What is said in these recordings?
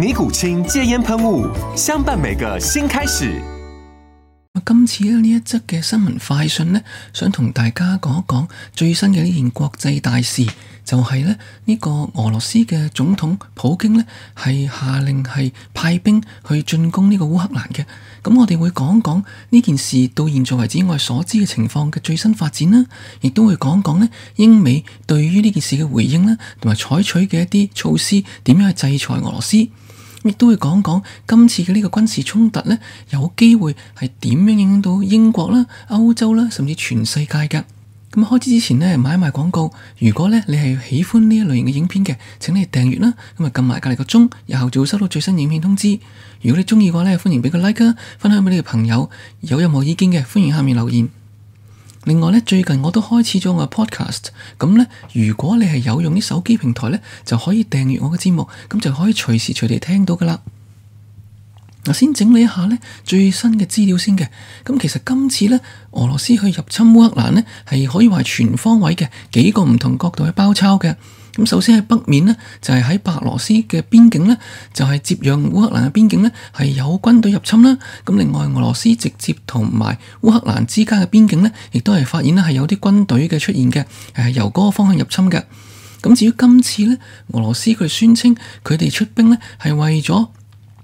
尼古清戒煙噴霧，相伴每個新開始。今次呢一則嘅新聞快訊呢，想同大家講一講最新嘅呢件國際大事，就係呢呢個俄羅斯嘅總統普京呢，係下令係派兵去進攻呢個烏克蘭嘅。咁我哋會講講呢件事到現在為止我所知嘅情況嘅最新發展啦，亦都會講講呢英美對於呢件事嘅回應啦，同埋採取嘅一啲措施點樣去制裁俄羅斯。亦都會講講今次嘅呢個軍事衝突呢，有機會係點樣影響到英國啦、歐洲啦，甚至全世界嘅。咁啊，開始之前呢，賣賣廣告。如果呢，你係喜歡呢一類型嘅影片嘅，請你訂閱啦。咁啊，撳埋隔籬個鐘，以後就會收到最新影片通知。如果你鍾意嘅話呢，歡迎畀個 like 啊，分享畀你嘅朋友。有任何意見嘅，歡迎下面留言。另外咧，最近我都開始咗我嘅 podcast，咁咧如果你係有用啲手機平台咧，就可以訂閱我嘅節目，咁就可以隨時隨地聽到噶啦。嗱，先整理一下咧最新嘅資料先嘅，咁其實今次咧俄羅斯去入侵烏克蘭咧係可以話全方位嘅幾個唔同角度去包抄嘅。咁首先喺北面呢，就係喺白羅斯嘅邊境呢，就係接壤烏克蘭嘅邊境呢，係有軍隊入侵啦。咁另外，俄羅斯直接同埋烏克蘭之間嘅邊境呢，亦都係發現呢係有啲軍隊嘅出現嘅，係由嗰個方向入侵嘅。咁至於今次呢，俄羅斯佢宣稱佢哋出兵呢，係為咗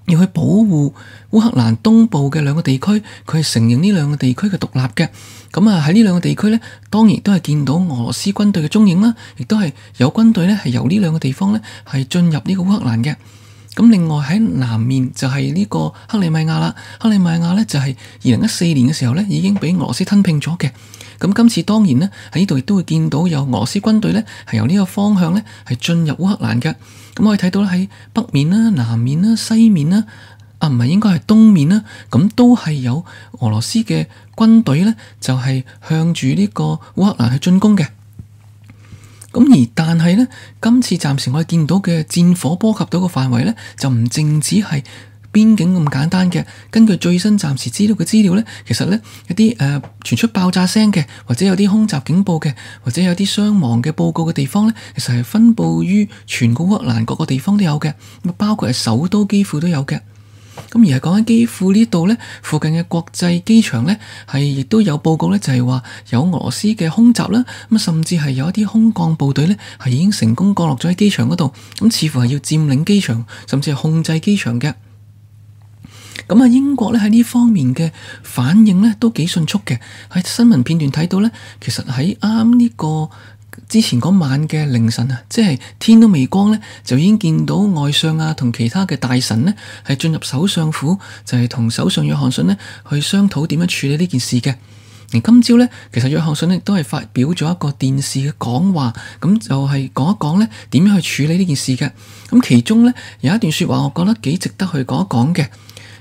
要去保護烏克蘭東部嘅兩個地區，佢係承認呢兩個地區嘅獨立嘅。咁啊，喺呢兩個地區呢，當然都係見到俄羅斯軍隊嘅蹤影啦，亦都係有軍隊呢，係由呢兩個地方呢，係進入呢個烏克蘭嘅。咁另外喺南面就係呢個克里米亞啦，克里米亞呢，就係二零一四年嘅時候呢，已經俾俄羅斯吞併咗嘅。咁今次當然呢，喺呢度亦都會見到有俄羅斯軍隊呢，係由呢個方向呢，係進入烏克蘭嘅，咁我哋睇到呢，喺北面啦、南面啦、西面啦，啊，唔係應該係東面啦，咁都係有俄羅斯嘅軍隊呢，就係向住呢個烏克蘭去進攻嘅。咁而但係呢，今次暫時我哋見到嘅戰火波及到嘅範圍呢，就唔淨止係邊境咁簡單嘅，根據最新暫時知道嘅資料呢，其實呢，一啲誒、呃、傳出爆炸聲嘅，或者有啲空襲警報嘅，或者有啲傷亡嘅報告嘅地方呢，其實係分布於全個烏克蘭各個地方都有嘅，咁包括係首都基輔都有嘅。咁而係講緊基輔呢度呢，附近嘅國際機場呢，係亦都有報告呢，就係話有俄羅斯嘅空襲啦，咁甚至係有一啲空降部隊呢，係已經成功降落咗喺機場嗰度，咁似乎係要佔領機場，甚至係控制機場嘅。咁啊，英國咧，喺呢方面嘅反應咧都幾迅速嘅。喺新聞片段睇到咧，其實喺啱呢個之前嗰晚嘅凌晨啊，即係天都未光咧，就已經見到外相啊同其他嘅大臣咧係進入首相府，就係同首相約翰遜咧去商討點樣處理呢件事嘅。而今朝咧，其實約翰遜咧都係發表咗一個電視嘅講話，咁就係講一講咧點樣去處理呢件事嘅。咁其中咧有一段説話，我覺得幾值得去講一講嘅。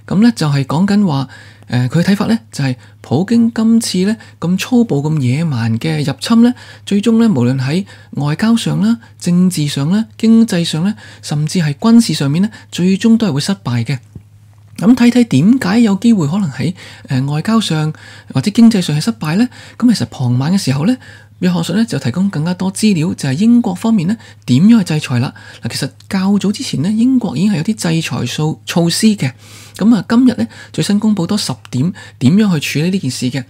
咁咧就係講緊話，誒佢睇法咧就係、是、普京今次咧咁粗暴、咁野蠻嘅入侵咧，最終咧無論喺外交上啦、政治上啦、經濟上咧，甚至係軍事上面咧，最終都係會失敗嘅。咁睇睇點解有機會可能喺誒外交上或者經濟上係失敗咧？咁其實傍晚嘅時候咧。約翰遜咧就提供更加多資料，就係英國方面咧點樣去制裁啦。嗱，其實較早之前咧，英國已經係有啲制裁措措施嘅。咁啊，今日咧最新公布多十點，點樣去處理呢件事嘅。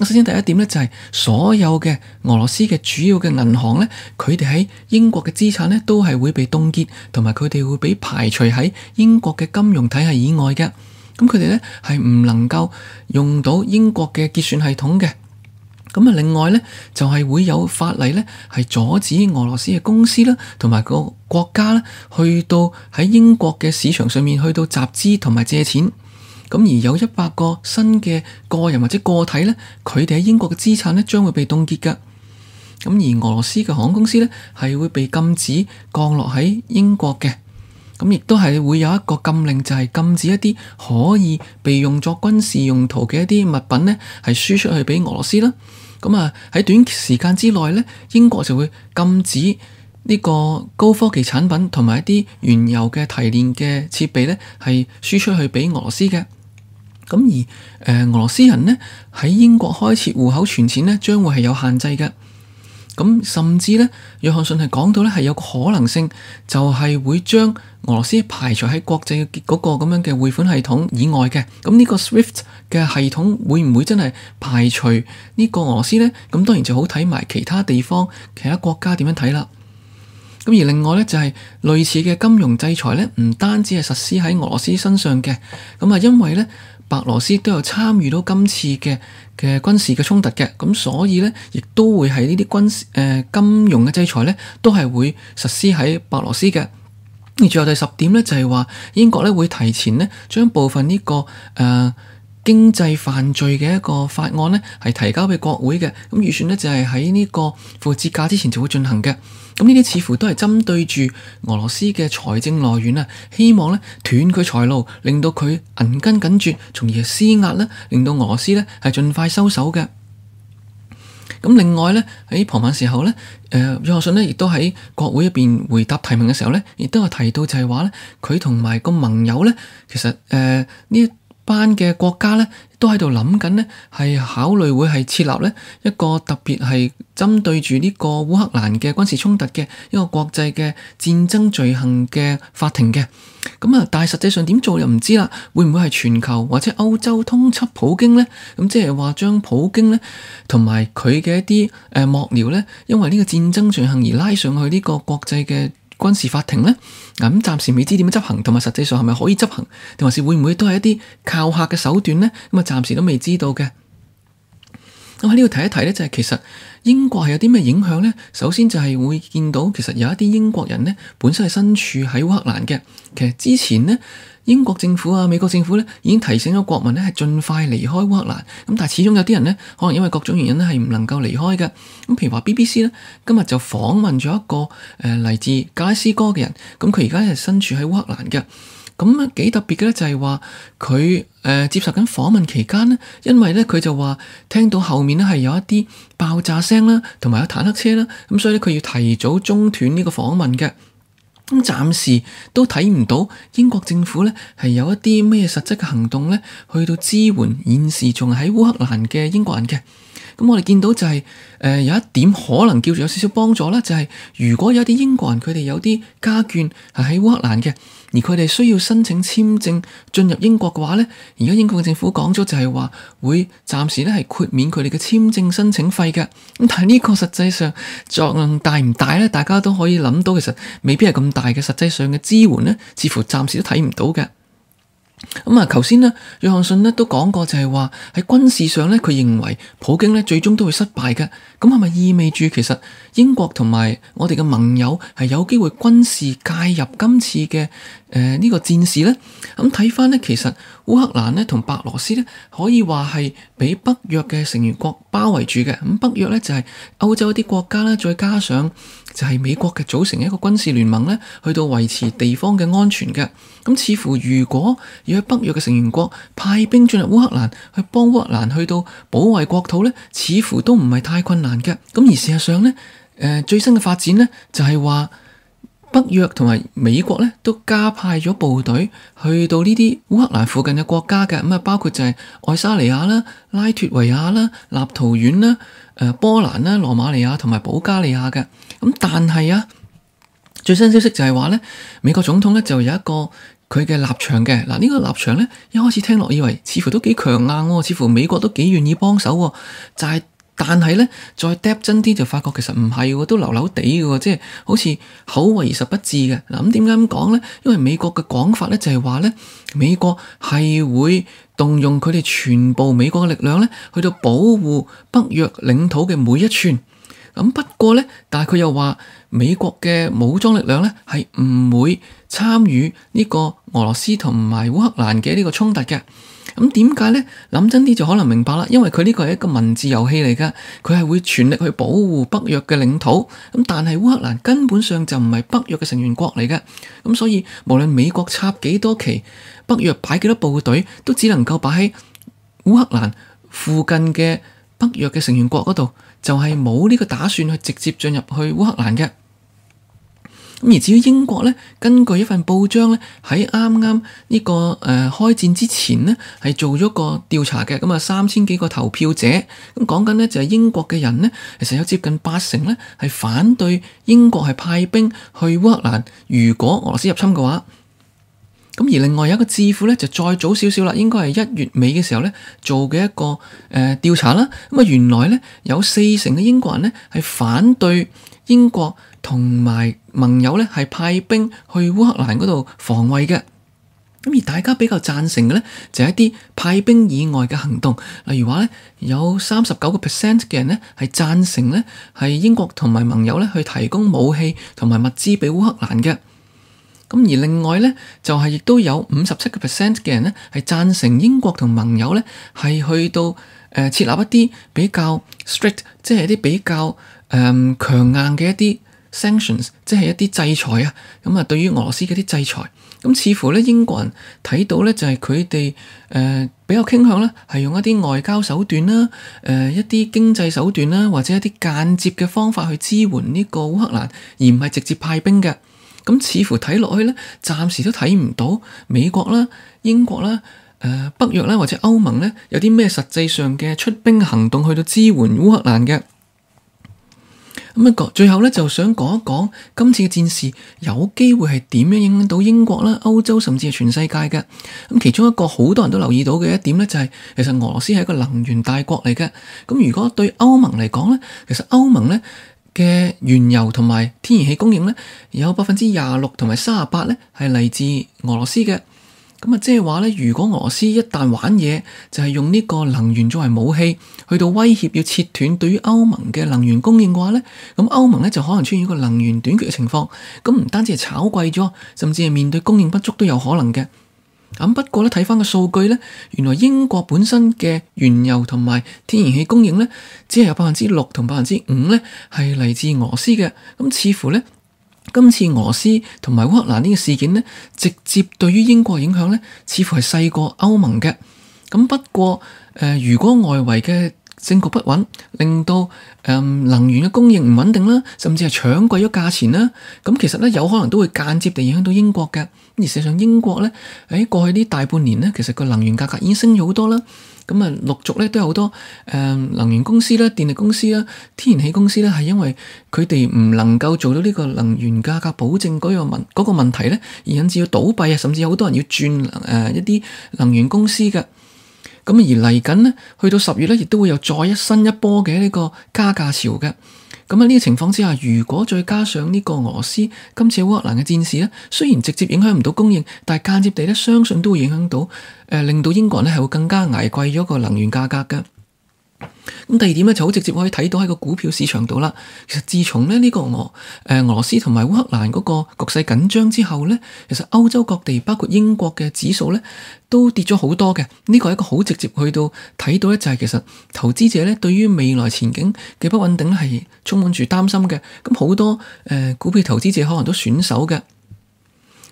首先第一點咧就係所有嘅俄羅斯嘅主要嘅銀行咧，佢哋喺英國嘅資產咧都係會被凍結，同埋佢哋會被排除喺英國嘅金融體系以外嘅。咁佢哋咧係唔能夠用到英國嘅結算系統嘅。咁啊，另外呢，就係會有法例呢，係阻止俄羅斯嘅公司啦，同埋個國家咧，去到喺英國嘅市場上面去到集資同埋借錢。咁而有一百個新嘅個人或者個體呢，佢哋喺英國嘅資產呢將會被凍結噶。咁而俄羅斯嘅航空公司呢，係會被禁止降落喺英國嘅。咁亦都係會有一個禁令，就係、是、禁止一啲可以被用作軍事用途嘅一啲物品呢，係輸出去俾俄羅斯啦。咁啊喺短期時間之內呢，英國就會禁止呢個高科技產品同埋一啲原油嘅提煉嘅設備呢，係輸出去俾俄羅斯嘅。咁而誒、呃、俄羅斯人呢，喺英國開設戶口存錢呢，將會係有限制嘅。咁甚至呢，約翰遜係講到呢，係有個可能性，就係會將俄羅斯排除喺國際嗰個咁樣嘅匯款系統以外嘅。咁呢個 SWIFT 嘅系統會唔會真係排除呢個俄羅斯呢？咁當然就好睇，埋其他地方，其他國家點樣睇啦。咁而另外呢，就係類似嘅金融制裁呢，唔單止係實施喺俄羅斯身上嘅。咁啊，因為呢。白羅斯都有參與到今次嘅嘅軍事嘅衝突嘅，咁所以呢，亦都會係呢啲軍誒、呃、金融嘅制裁呢，都係會實施喺白羅斯嘅。而最後第十點呢，就係、是、話英國咧會提前咧將部分呢、這個誒、呃、經濟犯罪嘅一個法案呢，係提交俾國會嘅。咁預算呢，就係喺呢個節假之前就會進行嘅。咁呢啲似乎都係針對住俄羅斯嘅財政來源啊，希望咧斷佢財路，令到佢銀根緊絕，從而施壓咧，令到俄羅斯咧係盡快收手嘅。咁另外、呃、呢，喺傍晚時候呢，誒約翰遜呢亦都喺國會入邊回答提名嘅時候呢，亦都有提到就係話呢，佢同埋個盟友呢，其實誒呢。呃班嘅國家咧，都喺度諗緊咧，係考慮會係設立咧一個特別係針對住呢個烏克蘭嘅軍事衝突嘅一個國際嘅戰爭罪行嘅法庭嘅。咁啊，但係實際上點做又唔知啦，會唔會係全球或者歐洲通緝普京咧？咁即係話將普京咧同埋佢嘅一啲誒幕僚咧，因為呢個戰爭罪行而拉上去呢個國際嘅。軍事法庭呢，咁暫時未知點樣執行，同埋實際上係咪可以執行，定還是會唔會都係一啲靠嚇嘅手段呢？咁啊，暫時都未知道嘅。咁喺呢度提一提呢，就係、是、其實英國係有啲咩影響呢？首先就係會見到其實有一啲英國人呢本身係身處喺烏克蘭嘅。其實之前呢，英國政府啊、美國政府呢已經提醒咗國民呢係盡快離開烏克蘭。咁但係始終有啲人呢，可能因為各種原因咧係唔能夠離開嘅。咁譬如話 BBC 呢，今日就訪問咗一個誒嚟、呃、自加拉斯哥嘅人，咁佢而家係身處喺烏克蘭嘅。咁啊，幾特別嘅咧就係話佢誒接受緊訪問期間咧，因為咧佢就話聽到後面咧係有一啲爆炸聲啦，同埋有坦克車啦，咁所以咧佢要提早中斷呢個訪問嘅。咁暫時都睇唔到英國政府咧係有一啲咩實質嘅行動咧，去到支援現時仲喺烏克蘭嘅英國人嘅。咁我哋見到就係誒有一點可能叫做有少少幫助啦，就係如果有啲英國人佢哋有啲家眷係喺烏克蘭嘅。而佢哋需要申請簽證進入英國嘅話呢，而家英國政府講咗就係話會暫時呢係豁免佢哋嘅簽證申請費嘅。咁但係呢個實際上作用大唔大呢？大家都可以諗到，其實未必係咁大嘅。實際上嘅支援呢，似乎暫時都睇唔到嘅。咁啊，頭先、嗯、呢，約翰遜呢都講過就，就係話喺軍事上呢，佢認為普京呢最終都會失敗嘅。咁係咪意味住其實英國同埋我哋嘅盟友係有機會軍事介入今次嘅？誒呢、呃這個戰事咧，咁睇翻咧，其實烏克蘭咧同白羅斯咧，可以話係被北約嘅成員國包圍住嘅。咁北約咧就係、是、歐洲一啲國家啦，再加上就係美國嘅組成一個軍事聯盟咧，去到維持地方嘅安全嘅。咁、嗯、似乎如果要喺北約嘅成員國派兵進入烏克蘭去幫烏克蘭去到保衞國土咧，似乎都唔係太困難嘅。咁而事實上咧，誒、呃、最新嘅發展咧就係、是、話。北約同埋美國咧都加派咗部隊去到呢啲烏克蘭附近嘅國家嘅咁啊，包括就係愛沙尼亞啦、拉脫維亞啦、立陶宛啦、誒、呃、波蘭啦、羅馬尼亞同埋保加利亞嘅。咁但係啊，最新消息就係話咧，美國總統咧就有一個佢嘅立場嘅。嗱、這、呢個立場咧，一開始聽落以為似乎都幾強硬，似乎美國都幾願意幫手喎，就係、是。但係咧，再 depth 真啲就發覺其實唔係喎，都流流地嘅喎，即係好似口惠而實不至嘅。嗱、啊，咁點解咁講咧？因為美國嘅講法咧就係話咧，美國係會動用佢哋全部美國嘅力量咧，去到保護北約領土嘅每一寸。咁、啊、不過咧，但係佢又話美國嘅武裝力量咧係唔會參與呢個俄羅斯同埋烏克蘭嘅呢個衝突嘅。咁點解呢？諗真啲就可能明白啦，因為佢呢個係一個文字遊戲嚟㗎，佢係會全力去保護北約嘅領土。咁但係烏克蘭根本上就唔係北約嘅成員國嚟嘅，咁、嗯、所以無論美國插幾多旗，北約擺幾多部隊，都只能夠擺喺烏克蘭附近嘅北約嘅成員國嗰度，就係冇呢個打算去直接進入去烏克蘭嘅。而至於英國咧，根據一份報章咧，喺啱啱呢個誒、呃、開戰之前咧，係做咗個調查嘅，咁啊三千幾個投票者，咁講緊咧就係英國嘅人咧，其實有接近八成咧係反對英國係派兵去烏克蘭，如果俄羅斯入侵嘅話。咁而另外有一個智庫咧，就再早少少啦，應該係一月尾嘅時候咧做嘅一個誒調、呃、查啦。咁啊，原來咧有四成嘅英國人咧係反對英國同埋盟友咧係派兵去烏克蘭嗰度防衛嘅。咁而大家比較贊成嘅咧，就係、是、一啲派兵以外嘅行動，例如話咧有三十九個 percent 嘅人咧係贊成咧係英國同埋盟友咧去提供武器同埋物資俾烏克蘭嘅。咁而另外咧，就係、是、亦都有五十七個 percent 嘅人咧，係贊成英國同盟友咧，係去到誒、呃、設立一啲比較 strict，即係一啲比較誒、呃、強硬嘅一啲 sanctions，即係一啲制裁啊。咁、嗯、啊，對於俄羅斯嘅一啲制裁，咁、嗯、似乎咧英國人睇到咧，就係佢哋誒比較傾向咧，係用一啲外交手段啦，誒、呃、一啲經濟手段啦，或者一啲間接嘅方法去支援呢個烏克蘭，而唔係直接派兵嘅。咁似乎睇落去呢，暫時都睇唔到美國啦、英國啦、誒、呃、北約啦或者歐盟呢，有啲咩實際上嘅出兵行動去到支援烏克蘭嘅。咁、那、一個最後呢，就想講一講今次嘅戰事有機會係點樣影響到英國啦、歐洲甚至係全世界嘅。咁其中一個好多人都留意到嘅一點呢，就係、是，其實俄羅斯係一個能源大國嚟嘅。咁如果對歐盟嚟講呢，其實歐盟呢。嘅原油同埋天然氣供應呢，有百分之廿六同埋三十八呢係嚟自俄羅斯嘅。咁啊，即係話呢，如果俄羅斯一旦玩嘢，就係用呢個能源作為武器，去到威脅要切斷對於歐盟嘅能源供應嘅話呢，咁歐盟呢就可能出現一個能源短缺嘅情況。咁唔單止係炒貴咗，甚至係面對供應不足都有可能嘅。咁不過咧，睇翻個數據咧，原來英國本身嘅原油同埋天然氣供應咧，只係有百分之六同百分之五咧係嚟自俄羅斯嘅。咁似乎咧，今次俄羅斯同埋烏克蘭呢個事件咧，直接對於英國嘅影響咧，似乎係細過歐盟嘅。咁不過，誒、呃、如果外圍嘅政局不穩，令到誒、呃、能源嘅供應唔穩定啦，甚至係搶貴咗價錢啦，咁其實咧，有可能都會間接地影響到英國嘅。而事實上英國咧，誒、哎、過去呢大半年咧，其實個能源價格已經升咗好多啦。咁啊，陸續咧都有好多誒、呃、能源公司啦、電力公司啦、天然氣公司咧，係因為佢哋唔能夠做到呢個能源價格保證嗰個問嗰個問題咧，而引致要倒閉啊，甚至有好多人要轉誒、呃、一啲能源公司嘅。咁而嚟緊咧，去到十月咧，亦都會有再一新一波嘅呢個加價潮嘅。咁喺呢個情況之下，如果再加上呢個俄羅斯今次烏克蘭嘅戰事咧，雖然直接影響唔到供應，但係間接地咧，相信都會影響到，誒、呃、令到英國咧係會更加捱貴咗個能源價格嘅。咁第二點咧，就好直接可以睇到喺個股票市場度啦。其實自從咧呢個俄誒、呃、俄羅斯同埋烏克蘭嗰個局勢緊張之後咧，其實歐洲各地包括英國嘅指數咧都跌咗好多嘅。呢個係一個好直接去到睇到咧，就係、是、其實投資者咧對於未來前景嘅不穩定係充滿住擔心嘅。咁好多誒、呃、股票投資者可能都選手嘅。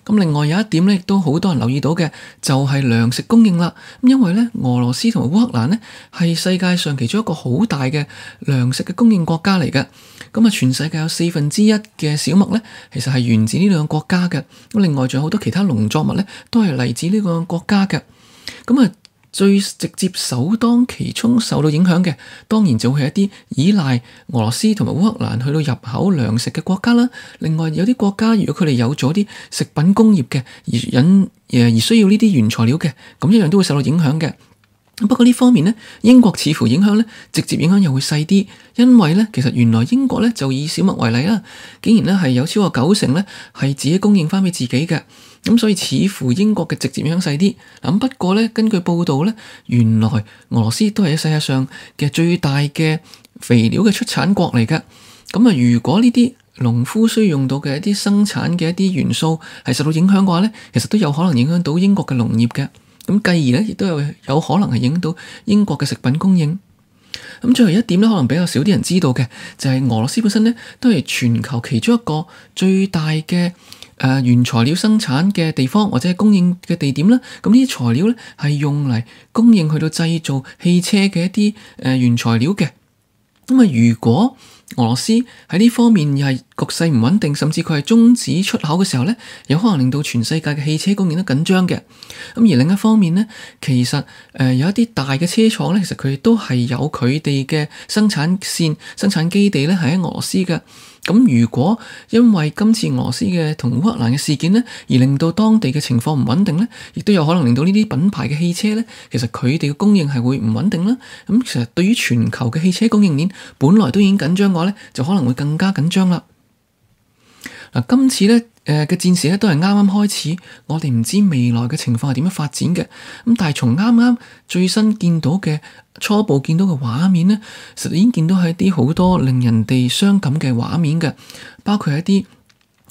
咁另外有一點咧，亦都好多人留意到嘅，就係、是、糧食供應啦。因為咧，俄羅斯同埋烏克蘭咧，係世界上其中一個好大嘅糧食嘅供應國家嚟嘅。咁啊，全世界有四分之一嘅小麥咧，其實係源自呢兩個國家嘅。咁另外仲有好多其他農作物咧，都係嚟自呢個國家嘅。咁、嗯、啊。最直接首當其衝受到影響嘅，當然就係一啲依賴俄羅斯同埋烏克蘭去到入口糧食嘅國家啦。另外有啲國家，如果佢哋有咗啲食品工業嘅而引而需要呢啲原材料嘅，咁一樣都會受到影響嘅。不過呢方面呢，英國似乎影響呢，直接影響又會細啲，因為呢，其實原來英國呢，就以小麥為例啦，竟然呢係有超過九成呢，係自己供應返畀自己嘅。咁所以似乎英國嘅直接影響細啲，咁不過呢，根據報道呢，原來俄羅斯都係世界上嘅最大嘅肥料嘅出產國嚟嘅。咁啊，如果呢啲農夫需要用到嘅一啲生產嘅一啲元素係受到影響嘅話呢，其實都有可能影響到英國嘅農業嘅。咁繼而呢，亦都有有可能係影響到英國嘅食品供應。咁最後一點咧，可能比較少啲人知道嘅，就係俄羅斯本身咧，都係全球其中一個最大嘅誒原材料生產嘅地方，或者係供應嘅地點啦。咁呢啲材料咧，係用嚟供應去到製造汽車嘅一啲誒原材料嘅。咁啊，如果俄羅斯喺呢方面又係，局勢唔穩定，甚至佢係中止出口嘅時候呢，有可能令到全世界嘅汽車供應都緊張嘅。咁而另一方面呢，其實誒有一啲大嘅車廠呢，其實佢都係有佢哋嘅生產線、生產基地呢，係喺俄羅斯嘅。咁如果因為今次俄羅斯嘅同烏克蘭嘅事件呢，而令到當地嘅情況唔穩定呢，亦都有可能令到呢啲品牌嘅汽車呢，其實佢哋嘅供應係會唔穩定啦。咁其實對於全球嘅汽車供應鏈，本來都已經緊張嘅話呢，就可能會更加緊張啦。嗱，今次咧，誒嘅戰事咧都係啱啱開始，我哋唔知未來嘅情況係點樣發展嘅。咁但係從啱啱最新見到嘅初步見到嘅畫面咧，實已經見到係一啲好多令人哋傷感嘅畫面嘅，包括一啲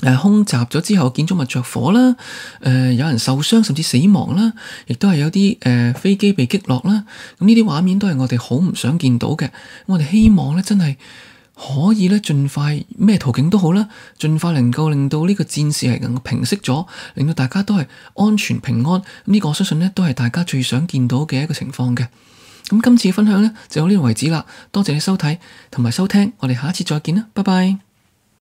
誒空襲咗之後建築物着火啦，誒、呃、有人受傷甚至死亡啦，亦都係有啲誒、呃、飛機被擊落啦。咁呢啲畫面都係我哋好唔想見到嘅，我哋希望咧真係。可以咧，盡快咩途徑都好啦，盡快能夠令到呢個戰事係能夠平息咗，令到大家都係安全平安。呢個我相信咧都係大家最想見到嘅一個情況嘅。咁今次分享咧就到呢度為止啦。多謝你收睇同埋收聽，我哋下次再見啦，拜拜。